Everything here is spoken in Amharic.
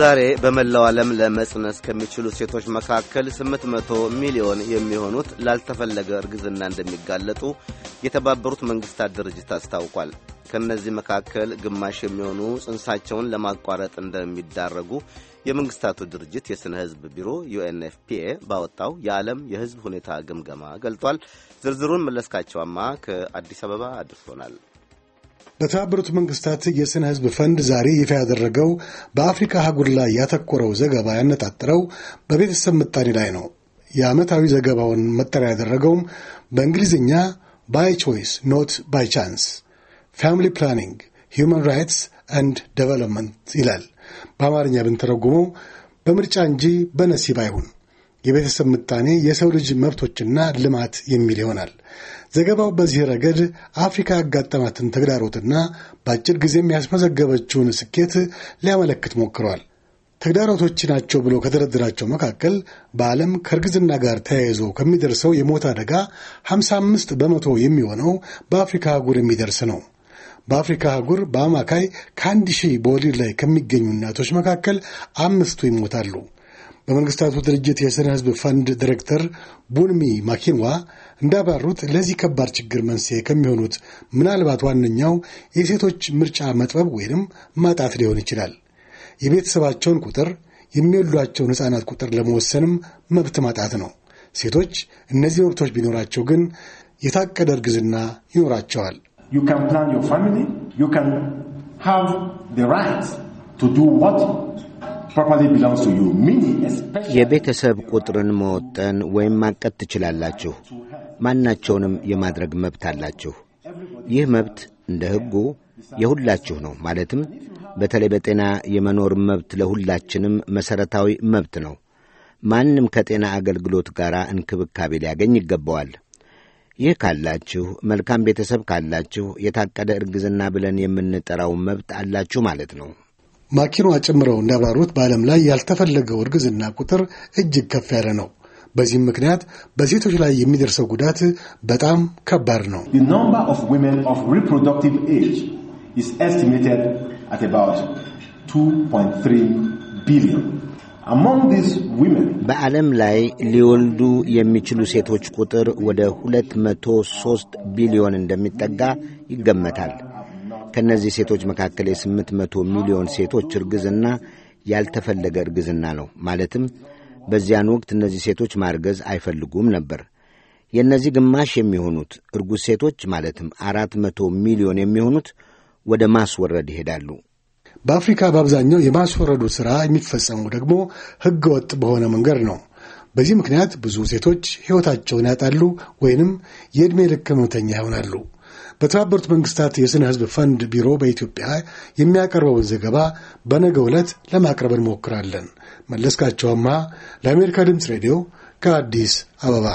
ዛሬ በመላው ዓለም ለመጽነስ ከሚችሉ ሴቶች መካከል 800 ሚሊዮን የሚሆኑት ላልተፈለገ እርግዝና እንደሚጋለጡ የተባበሩት መንግሥታት ድርጅት አስታውቋል። ከእነዚህ መካከል ግማሽ የሚሆኑ ጽንሳቸውን ለማቋረጥ እንደሚዳረጉ የመንግሥታቱ ድርጅት የሥነ ሕዝብ ቢሮ ዩኤንኤፍፒኤ ባወጣው የዓለም የሕዝብ ሁኔታ ግምገማ ገልጧል። ዝርዝሩን መለስካቸዋማ ከአዲስ አበባ አድርሶናል። በተባበሩት መንግስታት የስነ ህዝብ ፈንድ ዛሬ ይፋ ያደረገው በአፍሪካ አህጉር ላይ ያተኮረው ዘገባ ያነጣጠረው በቤተሰብ ምጣኔ ላይ ነው። የዓመታዊ ዘገባውን መጠሪያ ያደረገውም በእንግሊዝኛ ባይ ቾይስ ኖት ባይ ቻንስ ፋሚሊ ፕላኒንግ ሂውማን ራይትስ አንድ ዴቨሎፕመንት ይላል። በአማርኛ ብንተረጉመው በምርጫ እንጂ በነሲብ አይሁን የቤተሰብ ምጣኔ፣ የሰው ልጅ መብቶችና ልማት የሚል ይሆናል። ዘገባው በዚህ ረገድ አፍሪካ ያጋጠማትን ተግዳሮትና በአጭር ጊዜም ያስመዘገበችውን ስኬት ሊያመለክት ሞክሯል። ተግዳሮቶች ናቸው ብሎ ከደረደራቸው መካከል በዓለም ከእርግዝና ጋር ተያይዞ ከሚደርሰው የሞት አደጋ 55 በመቶ የሚሆነው በአፍሪካ አህጉር የሚደርስ ነው። በአፍሪካ አህጉር በአማካይ ከአንድ ሺህ በወሊድ ላይ ከሚገኙ እናቶች መካከል አምስቱ ይሞታሉ። በመንግስታቱ ድርጅት የስነ ህዝብ ፈንድ ዲሬክተር ቡንሚ ማኪንዋ እንዳብራሩት ለዚህ ከባድ ችግር መንስኤ ከሚሆኑት ምናልባት ዋነኛው የሴቶች ምርጫ መጥበብ ወይንም ማጣት ሊሆን ይችላል። የቤተሰባቸውን ቁጥር፣ የሚወልዷቸውን ሕፃናት ቁጥር ለመወሰንም መብት ማጣት ነው። ሴቶች እነዚህ መብቶች ቢኖራቸው ግን የታቀደ እርግዝና ይኖራቸዋል። ዩ የቤተሰብ ቁጥርን መወጠን ወይም ማቀድ ትችላላችሁ። ማናቸውንም የማድረግ መብት አላችሁ። ይህ መብት እንደ ሕጉ የሁላችሁ ነው። ማለትም በተለይ በጤና የመኖር መብት ለሁላችንም መሠረታዊ መብት ነው። ማንም ከጤና አገልግሎት ጋር እንክብካቤ ሊያገኝ ይገባዋል። ይህ ካላችሁ፣ መልካም ቤተሰብ ካላችሁ የታቀደ እርግዝና ብለን የምንጠራው መብት አላችሁ ማለት ነው። ማኪኗ ጨምረው እንዳብራሩት በዓለም ላይ ያልተፈለገው እርግዝና ቁጥር እጅግ ከፍ ያለ ነው። በዚህም ምክንያት በሴቶች ላይ የሚደርሰው ጉዳት በጣም ከባድ ነው። በዓለም ላይ ሊወልዱ የሚችሉ ሴቶች ቁጥር ወደ 203 ቢሊዮን እንደሚጠጋ ይገመታል። ከእነዚህ ሴቶች መካከል የስምንት መቶ ሚሊዮን ሴቶች እርግዝና ያልተፈለገ እርግዝና ነው። ማለትም በዚያን ወቅት እነዚህ ሴቶች ማርገዝ አይፈልጉም ነበር። የእነዚህ ግማሽ የሚሆኑት እርጉዝ ሴቶች ማለትም አራት መቶ ሚሊዮን የሚሆኑት ወደ ማስወረድ ይሄዳሉ። በአፍሪካ በአብዛኛው የማስወረዱ ሥራ የሚፈጸመው ደግሞ ሕገ ወጥ በሆነ መንገድ ነው። በዚህ ምክንያት ብዙ ሴቶች ሕይወታቸውን ያጣሉ ወይንም የዕድሜ ልክ ሕመምተኛ ይሆናሉ። በተባበሩት መንግስታት የሥነ ሕዝብ ፈንድ ቢሮ በኢትዮጵያ የሚያቀርበውን ዘገባ በነገ ዕለት ለማቅረብ እንሞክራለን። መለስካቸውማ ለአሜሪካ ድምፅ ሬዲዮ ከአዲስ አበባ